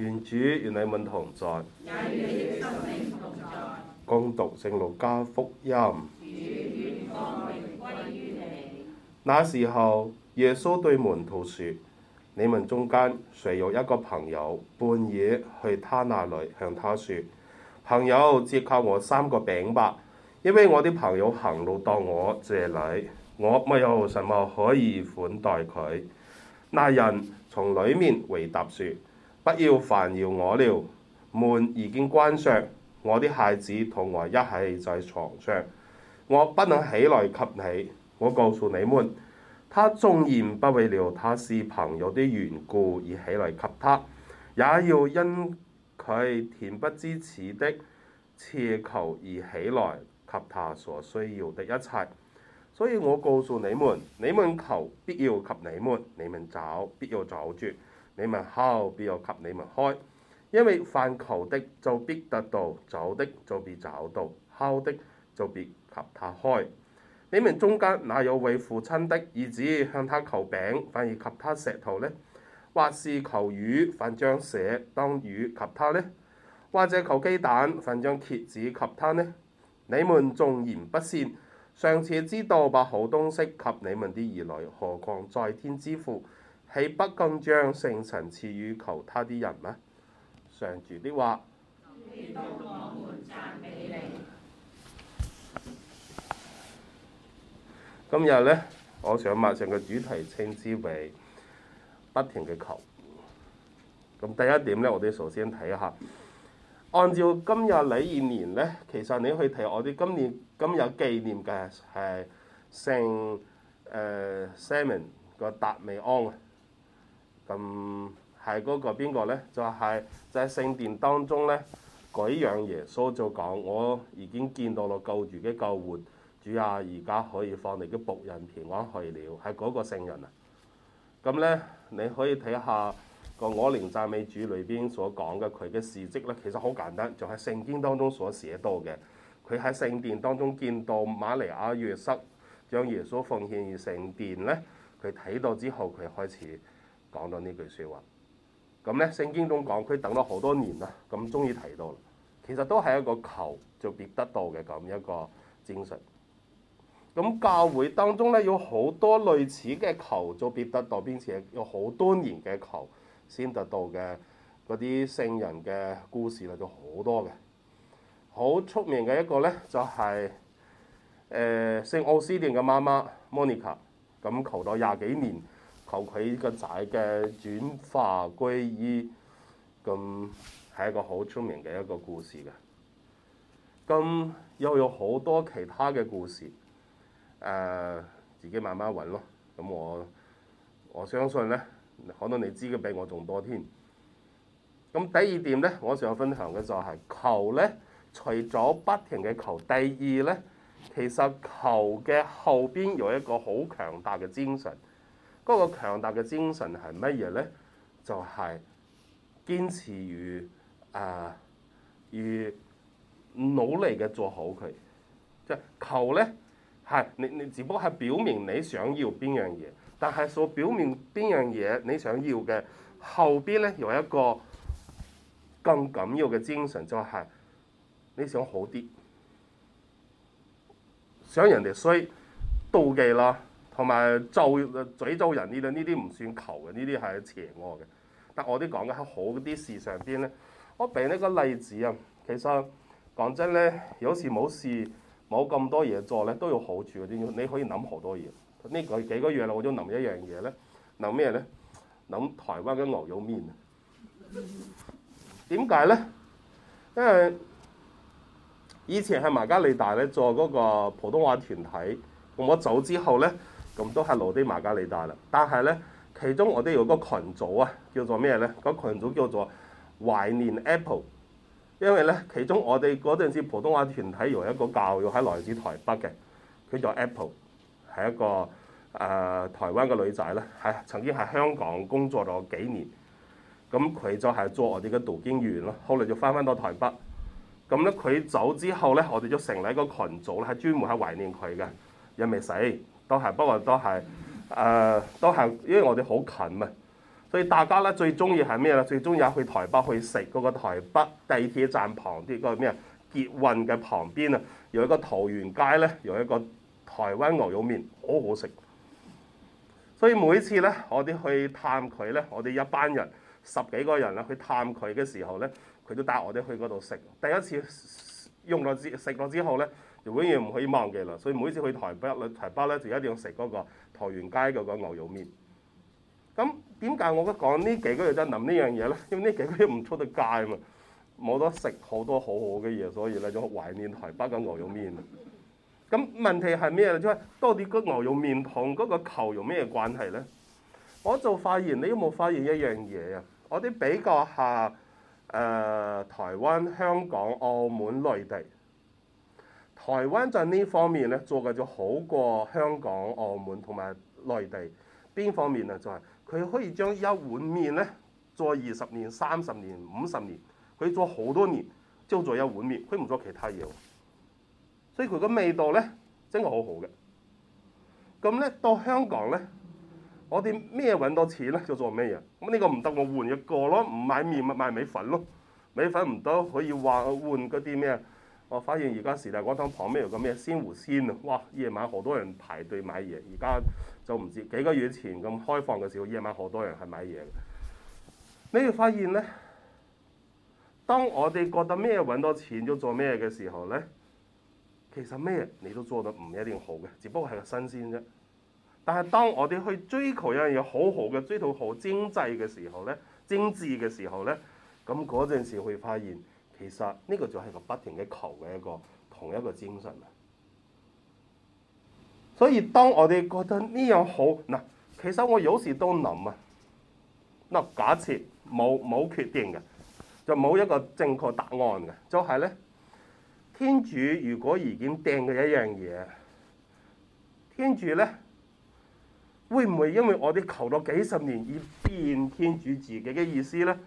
願主與你同在，也與你的同在。恭讀聖路加福音，那時候，耶穌對門徒說：你們中間誰有一個朋友，半夜去他那裏向他說：朋友，借給我三個餅吧，因為我啲朋友行路到我這裏，我沒有什麼可以款待佢。那人從裡面回答說：不要煩擾我了，門已經關上。我啲孩子同我一齊喺牀上，我不能起來給你。我告訴你們，他縱然不為了他是朋友的緣故而起來給他，也要因佢恬不知恥的切求而起來給他所需要的一切。所以我告訴你們，你們求，必要給你們，你們找，必要找住。你們敲，必有給你們開；因為凡求的，就必得到；走的，的，就必找到；敲的，就必給他開。你們中間哪有為父親的兒子向他求餅，反而給他石頭呢？或是求魚，反將蛇當魚給他呢？或者求雞蛋，反將蠍子給他呢？你們縱然不善，尚且知道把好東西給你們啲兒女，何況在天之父？喺不公將聖神賜予求他啲人咩？常住啲話。今日呢，我想默上嘅主題稱之為不停嘅求。咁第一點呢，我哋首先睇下，按照今日禮儀年呢，其實你去睇我哋今年今日紀念嘅係聖誒 Simon 個達美安啊。咁係嗰個邊個咧？就係、是、在聖殿當中呢。舉揚耶穌就講：我已經見到咯，救住嘅救活主啊！而家可以放你嘅僕人平安去了，係嗰個聖人啊！咁、嗯、呢、嗯，你可以睇下、那個我靈讚美主裏邊所講嘅佢嘅事蹟啦。其實好簡單，就係、是、聖經當中所寫到嘅。佢喺聖殿當中見到瑪利亞約瑟將耶穌奉獻於聖殿呢，佢睇到之後佢開始。講到呢句說話，咁咧聖經中講佢等咗好多年啦，咁終於提到啦。其實都係一個求就必得到嘅咁一個精神。咁教會當中咧有好多類似嘅求就必得到，並且有好多年嘅求先得到嘅嗰啲聖人嘅故事咧就好多嘅。好出名嘅一個咧就係誒聖奧斯定嘅媽媽 Monica。咁求咗廿幾年。求佢個仔嘅轉化歸依，咁係一個好出名嘅一個故事嘅。咁又有好多其他嘅故事，誒、呃、自己慢慢揾咯。咁我我相信呢，可能你知嘅比我仲多添。咁第二點呢，我想分享嘅就係、是、求呢，除咗不停嘅求，第二呢，其實求嘅後邊有一個好強大嘅精神。不過強大嘅精神係乜嘢咧？就係、是、堅持與誒、呃、與努力嘅做好佢。即係求咧，係你你只不過係表明你想要邊樣嘢，但係所表明邊樣嘢你想要嘅後邊咧，有一個更緊要嘅精神，就係你想好啲，想人哋衰妒忌咯。同埋做詛咒人呢啲呢啲唔算求嘅，呢啲係邪惡嘅。但我啲講嘅喺好啲事上邊咧，我俾呢個例子啊。其實講真咧，有時冇事冇咁多嘢做咧，都有好處嘅。你可以諗好多嘢。呢個幾個月我都諗一樣嘢咧，諗咩咧？諗台灣嘅牛肉麵啊。點解咧？因為以前喺馬加利大咧做嗰個普通話團體，我走之後咧。咁都係羅啲瑪加利大啦，但係咧，其中我哋有個群組啊，叫做咩咧？個群組叫做懷念 Apple，因為咧，其中我哋嗰陣時普通話團體有一個教育係來自台北嘅，佢就 Apple 係一個誒、呃、台灣嘅女仔啦，係曾經喺香港工作咗幾年，咁佢就係做我哋嘅導經員咯。後嚟就翻翻到台北，咁咧佢走之後咧，我哋就成立一個群組咧，係專門喺懷念佢嘅，又未死。都係，不過都係，誒都係，因為我哋好近啊，所以大家咧最中意係咩咧？最中意去台北去食嗰個台北地鐵站旁啲嗰個咩啊？捷運嘅旁邊啊，有一個桃源街咧，有一個台灣牛肉麵，好好食。所以每次咧我哋去探佢咧，我哋一班人十幾個人啦去探佢嘅時候咧，佢都帶我哋去嗰度食。第一次用咗之食咗之後咧。永遠唔可以忘記啦，所以每次去台北咧，台北咧就一定要食嗰個桃園街嗰個牛肉麵。咁點解我講呢幾個月就諗呢樣嘢咧？因為呢幾個月唔出得街啊嘛，冇得食好多好好嘅嘢，所以咧就懷念台北嘅牛肉麵啊。咁問題係咩即係多啲個牛肉麵同嗰、那個球有咩關係咧？我就發現你有冇發現一樣嘢啊！我啲比較下誒、呃、台灣、香港、澳門、內地。台灣就喺呢方面咧做嘅就好過香港、澳門同埋內地。邊方面啊？就係、是、佢可以將一碗麵咧做二十年、三十年、五十年，佢做好多年，就做，做一碗麵，佢唔做其他嘢。所以佢個味道咧真係好好嘅。咁咧到香港咧，我哋咩揾到錢咧就做咩嘢。咁呢個唔得，我換一個咯。唔買麵咪買米粉咯。米粉唔得，可以話換嗰啲咩啊？我發現而家時代廣場旁邊有個咩鮮湖鮮啊！哇，夜晚好多人排隊買嘢。而家就唔知幾個月前咁開放嘅時候，夜晚好多人係買嘢。你會發現咧，當我哋覺得咩揾到錢都做咩嘅時候咧，其實咩你都做得唔一定好嘅，只不過係個新鮮啫。但係當我哋去追求一樣嘢好好嘅，追求好精緻嘅時候咧，精緻嘅時候咧，咁嗰陣時會發現。其實呢個就係個不停嘅求嘅一,一個同一個精神啊！所以當我哋覺得呢樣好嗱，其實我有時都諗啊，嗱假設冇冇決定嘅，就冇一個正確答案嘅，就係、是、咧天主如果已經掟嘅一樣嘢，天主咧會唔會因為我哋求咗幾十年而變天主自己嘅意思咧？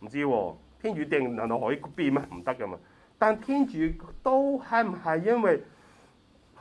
唔知喎、啊。天主定，難道可以變咩？唔得噶嘛！但天主都係唔係因為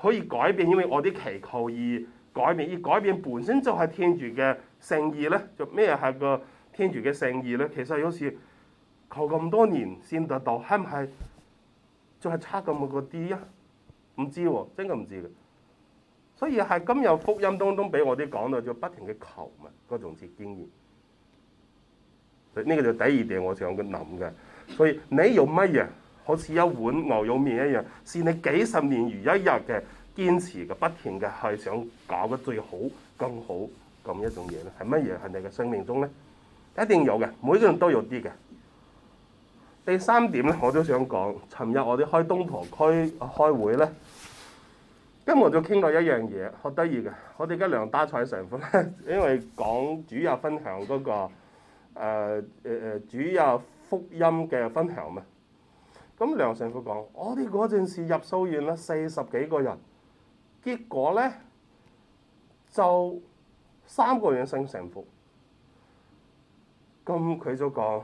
可以改變，因為我啲祈求而改變，而改變本身就係天主嘅聖意咧。就咩係個天主嘅聖意咧？其實好似求咁多年先得到，係唔係就係差咁多啲啊？唔知喎，真嘅唔知嘅。所以係今日福音當中俾我啲講到，就不停嘅求物，個種子經驗。呢個就第二點，我想咁諗嘅。所以你用乜嘢，好似一碗牛肉麵一樣，是你幾十年如一日嘅堅持嘅，不停嘅，係想搞得最好、更好咁一種嘢咧。係乜嘢喺你嘅生命中咧？一定有嘅，每個人都有啲嘅。第三點咧，我都想講。尋日我哋開東塘區開會咧，今日我就傾到一樣嘢，好得意嘅。我哋而家梁丹財神父咧，因為講主要分享嗰、那個。誒誒誒，主啊，福音嘅分享嘛。咁、嗯、梁神父講： 我哋嗰陣時入修院啦，四十幾個人，結果咧就三個人升神父。咁佢就講：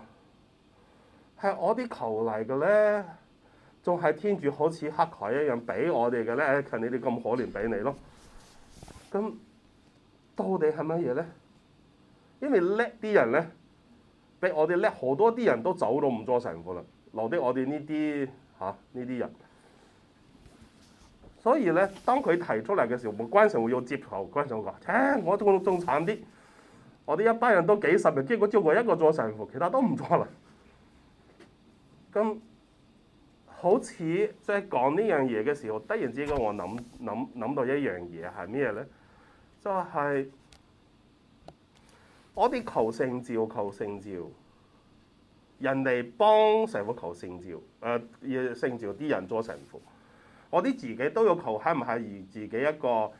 係我啲求嚟嘅咧，仲係天主好似黑海一樣俾我哋嘅咧，趁、哎、你哋咁可憐俾你咯。咁、嗯、到底係乜嘢咧？因為叻啲人咧。畀我哋叻好多啲人都走到唔做神父啦，留啲我哋呢啲吓呢啲人。所以咧，當佢提出嚟嘅時候，關常會要接頭，關常會話：聽我仲仲慘啲，我哋一班人都幾十人，結果只過一個做神父，其他都唔做啦。咁好似即係講呢樣嘢嘅時候，突然之間我諗諗諗到一樣嘢啊，係咩咧？就係、是。我哋求聖召，求聖召。人哋幫神父求聖召，誒、呃，聖召啲人做神父。我哋自己都要求，係唔係？而自己一個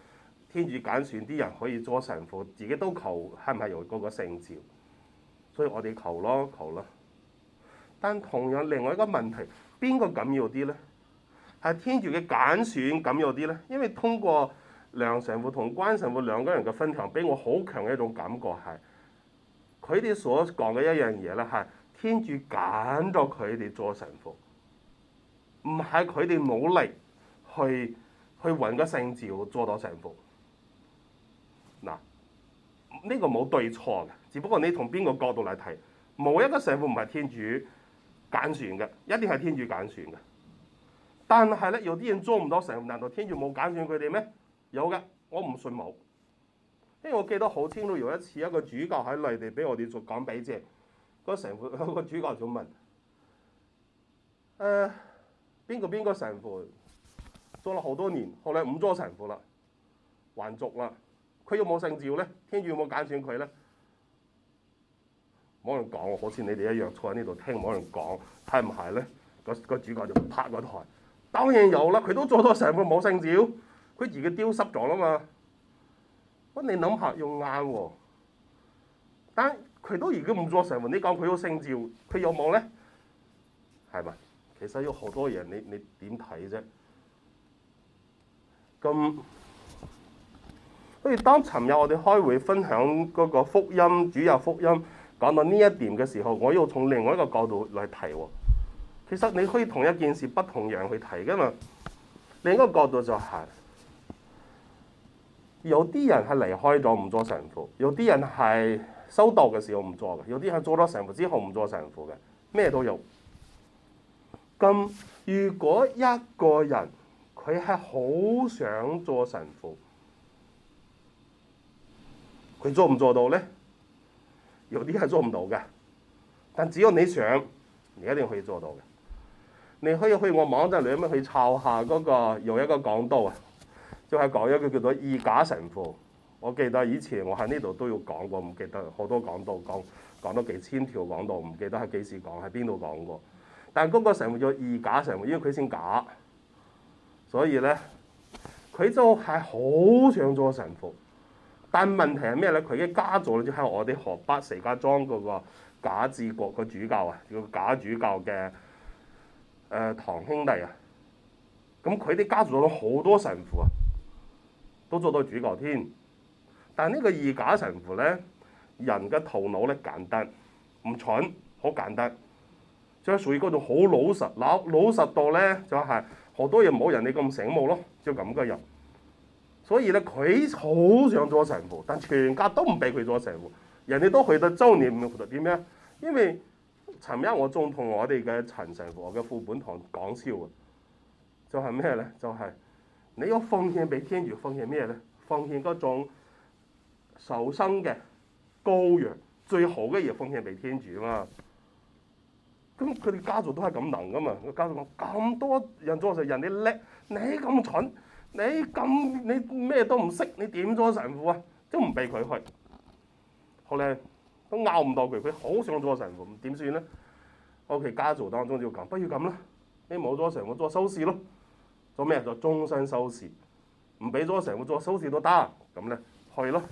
天主揀選啲人可以做神父，自己都求，係唔係由嗰個聖召？所以我哋求咯，求咯。但同樣另外一個問題，邊個緊要啲咧？係天主嘅揀選緊要啲咧？因為通過梁神父同關神父兩個人嘅分享，俾我好強嘅一種感覺係。佢哋所講嘅一樣嘢咧，係天主揀咗佢哋做神父，唔係佢哋冇力去去揾個聖召做到神父。嗱，呢個冇對錯嘅，只不過你從邊個角度嚟睇，冇一個神父唔係天主揀選嘅，一定係天主揀選嘅。但係咧，有啲人做唔到神父，難道天主冇揀選佢哋咩？有嘅，我唔信冇。因為我記得好清楚，有一次一個主教喺內地俾我哋做講俾知，神那個呃、哪個，哪個神父個主教，就問：誒邊個邊個神父做咗好多年，後來唔做神父啦，還俗啦，佢有冇聖召咧？天主，有冇揀選佢咧？冇人講好似你哋一樣坐喺呢度聽冇人講，係唔係咧？個個主教就拍個台，當然有啦，佢都做到神父冇聖召，佢自己丟失咗啦嘛。咁你諗下用啱喎，但佢都而家唔做成，魂，你講佢都聖召，佢有冇咧？係咪？其實有好多嘢，你你點睇啫？咁，所以當尋日我哋開會分享嗰個福音，主日福音，講到呢一點嘅時候，我要從另外一個角度嚟提喎、哦。其實你可以同一件事不同樣去提㗎嘛，另一個角度就係、是。有啲人係離開咗唔做神父，有啲人係修道嘅時候唔做嘅，有啲係做咗神父之後唔做神父嘅，咩都有。咁如果一個人佢係好想做神父，佢做唔做到咧？有啲係做唔到嘅，但只要你想，你一定可以做到嘅。你可以去我網站裏面去抄下嗰、嗰個有一個講道。啊。就係講一個叫做二賈神父，我記得以前我喺呢度都要講過，唔記得好多講道講講多幾千條講道，唔記得喺幾時講喺邊度講過。但係嗰個神父叫二賈神父，因為佢姓賈，所以咧佢就係好想做神父。但問題係咩咧？佢嘅家族就喺我哋河北石家莊嗰個賈治國個主教啊，叫賈主教嘅誒堂兄弟啊，咁佢哋家族咗好多神父啊。都做到主教添，但係呢個二賈神父咧，人嘅頭腦咧簡單，唔蠢，好簡單，就係屬於嗰種好老實，老老實到咧就係好多嘢冇人哋咁醒目咯，就咁嘅人。所以咧佢好想做神父，但全家都唔俾佢做神父，人哋都去到周年唔到，點咩？因為尋日我仲同我哋嘅陳神父嘅副本堂講笑啊，就係咩咧？就係、是。你要奉獻俾天主，奉獻咩咧？奉獻嗰種受生嘅羔羊，最好嘅嘢奉獻俾天主嘛。咁佢哋家族都係咁能噶嘛？個家族講咁多人做神，人哋叻，你咁蠢，你咁你咩都唔識，你點做神父啊？都唔俾佢去。後嚟都拗唔到佢，佢好想做神父，點算咧？喺佢家族當中就咁，不如咁啦，你冇咗神父，做修士咯。做咩？就終身修士，唔俾咗成個做修士都得。咁咧去咯，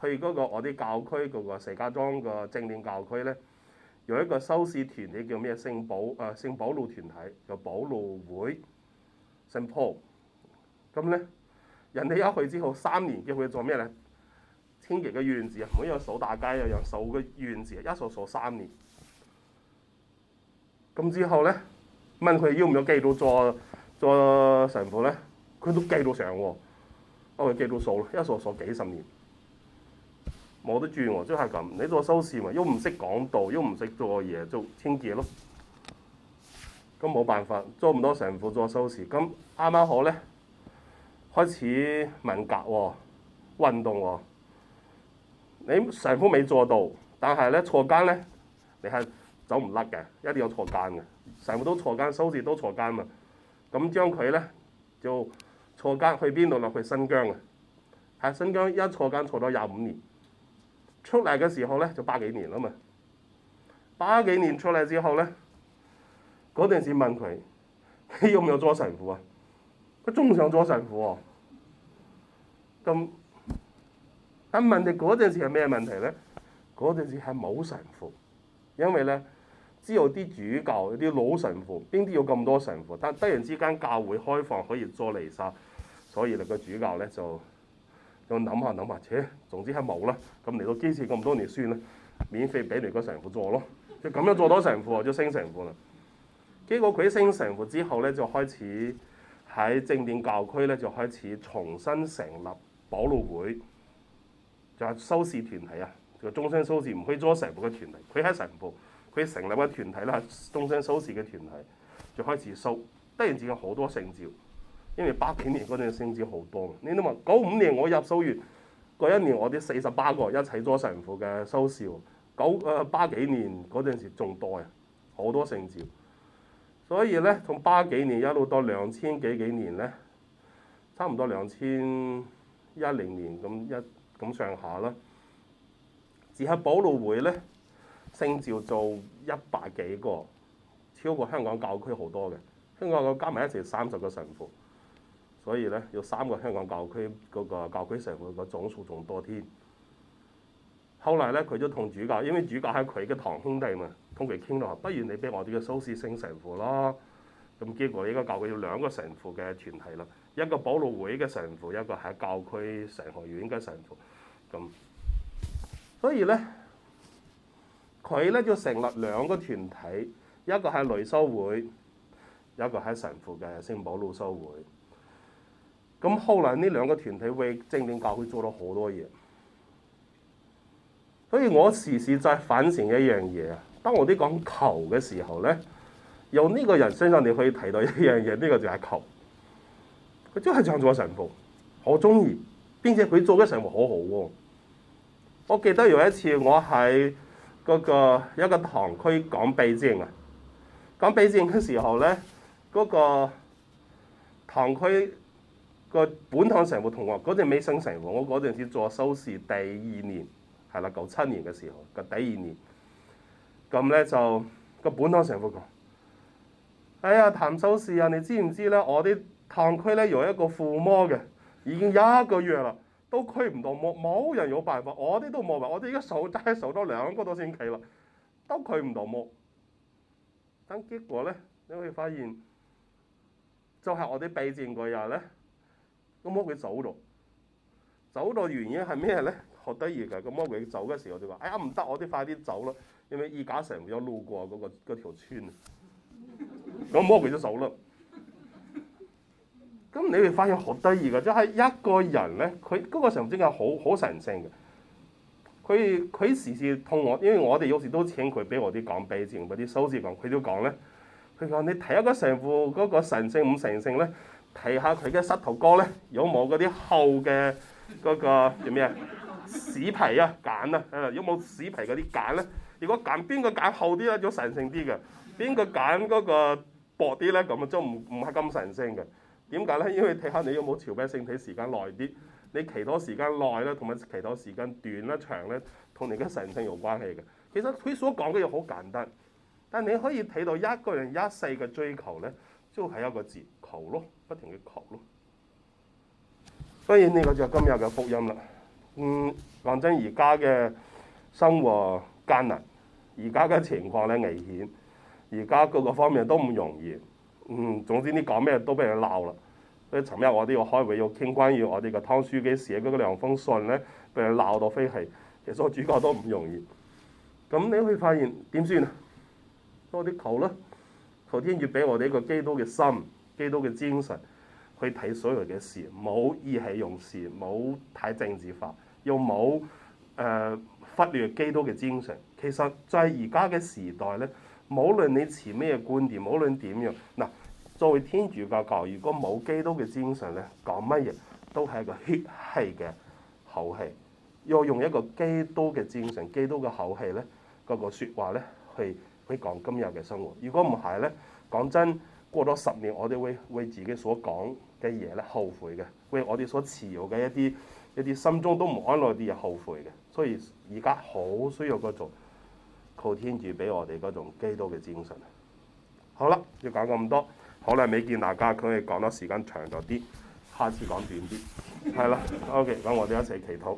去嗰個我啲教區嗰個石家莊個正念教區咧，有一個修士團體叫咩？聖保誒、呃、聖保路團體，叫保路會，聖保。咁咧，人哋一去之後三年叫佢做咩咧？清潔個院子啊，好有掃大街啊，樣掃個院子啊，一掃掃三年。咁之後咧，問佢要唔要繼續做？做神父咧，佢都記到上喎、啊，我咪記到數咯，一數數幾十年，冇得轉喎、啊，即係咁。你做修士咪，又唔識講道，又唔識做嘢，做清潔咯。咁冇辦法，做唔到神父做修士。咁啱啱好咧，開始文革喎、啊，運動喎、啊。你神父未做到，但係咧坐監咧，你係走唔甩嘅，一定要坐監嘅。神父都坐監，修士都坐監啊。咁將佢咧就坐監去邊度？落去新疆啊！喺新疆一坐監坐咗廿五年，出嚟嘅時候咧就八幾年啦嘛。八幾年出嚟之後咧，嗰陣時問佢：你有冇有做神父啊？佢仲想做神父喎。咁，但問你嗰陣時係咩問題咧？嗰陣時係冇神父，因為咧。知道啲主教啲老神父，邊啲有咁多神父？但突然之間教會開放，可以做嚟曬，所以你個主教咧就就諗下諗下，且、哎、總之係冇啦。咁嚟到堅持咁多年算啦，免費俾你個神父做咯。佢咁樣做到神父就升神父啦。結果佢升神父之後咧，就開始喺正殿教區咧就開始重新成立保祿會，就係、是、修士團體啊，就終、是、身修士唔可以做神父嘅團體。佢喺神父。佢成立嘅團體啦，終身修士嘅團體就開始收，突然之間好多聖召，因為八幾年嗰陣聖召好多，你都話九五年我入修院，嗰一年我啲四十八個一齊咗神父嘅修士，九誒八幾年嗰陣時仲多嘅，好多聖召。所以咧從八幾年一路到兩千幾幾年咧，差唔多兩千一零年咁一咁上下啦，而係保路會咧。聖召做一百幾個，超過香港教區好多嘅。香港加埋一齊三十個神父，所以咧有三個香港教區嗰、那個教區神父個總數仲多添。後來咧佢都同主教，因為主教係佢嘅堂兄弟嘛，同佢傾到，去，不如你俾我哋嘅蘇士升神父咯。咁結果依家教會有兩個神父嘅團體啦，一個保路會嘅神父，一個係教區神學院嘅神父。咁所以咧。佢咧就成立兩個團體，一個係雷修會，一個係神父嘅聖保祿修會。咁後來呢兩個團體為正典教會做咗好多嘢，所以我時時在反省一樣嘢啊。當我哋講求嘅時候咧，由呢個人身上你可以睇到一樣嘢，呢、呢個就係求。佢真係做咗神父，我中意，並且佢做嘅神父好好、啊、喎。我記得有一次我喺～嗰個一個堂區講避靜啊，講避靜嘅時候咧，嗰、那個堂區個本堂神父同學嗰陣未升神父，我嗰陣時做修士第二年，係啦，九七年嘅時候嘅第二年，咁咧就個本堂神父講，哎呀譚修士啊，你知唔知咧？我啲堂區咧有一個附魔嘅，已經一個月啦。都驅唔到魔，冇人有辦法，我哋都冇辦法，我哋而家守齋守咗兩個多星期啦，都驅唔到魔。等結果咧，你可以發現，就係、是、我哋避戰嗰日咧，個魔鬼走咗，走咗原因係咩咧？好得意㗎，個魔鬼走嘅時候，我就話：哎呀唔得，我哋快啲走啦，因為二賈成日路過嗰、那個嗰條村，個魔鬼就走咗。咁你會發現好得意嘅，就係、是、一個人咧，佢嗰個神經係好好神聖嘅。佢佢時時同我，因為我哋有時都請佢俾我啲講碑，之唔嗰啲修士講，佢都講咧。佢講你睇一個神父嗰個神聖唔神聖咧，睇下佢嘅膝頭哥咧，有冇嗰啲厚嘅嗰、那個叫咩啊屎皮啊揀啊有冇屎皮嗰啲揀咧？如果揀邊個揀厚啲咧，就神聖啲嘅；邊個揀嗰個薄啲咧，咁啊就唔唔係咁神聖嘅。點解咧？因為睇下你有冇朝比性，睇時間耐啲，你祈禱時間耐啦，同埋祈禱時間短啦、長咧，同你嘅神性有關係嘅。其實佢所講嘅嘢好簡單，但你可以睇到一個人一世嘅追求咧，都係一個字求咯，不停嘅求咯。所以呢個就今日嘅福音啦。嗯，反正而家嘅生活艱難，而家嘅情況咧危險，而家各個方面都唔容易。嗯，總之你講咩都俾人鬧啦。所以尋日我哋要開會要傾關於我哋個湯書記寫嗰兩封信咧，俾人鬧到飛起。其實主角都唔容易。咁你會發現點算啊？多啲求啦，求天主俾我哋一個基督嘅心、基督嘅精神去睇所有嘅事，冇意氣用事，冇太政治化，又冇誒、呃、忽略基督嘅精神。其實就係而家嘅時代咧，無論你持咩觀點，無論點樣嗱。作為天主教教，如果冇基督嘅精神咧，講乜嘢都係一個血氣嘅口氣。要用一個基督嘅精神、基督嘅口氣咧，嗰、嗰個説話咧，去去講今日嘅生活。如果唔係咧，講真過咗十年，我哋會為自己所講嘅嘢咧後悔嘅，為我哋所持有嘅一啲一啲心中都唔安樂啲嘢後悔嘅。所以而家好需要嗰種靠天主俾我哋嗰種基督嘅精神。好啦，要講咁多。好耐未見大家，佢哋講得時間長咗啲，下次講短啲，係啦，OK，咁我哋一齊祈禱。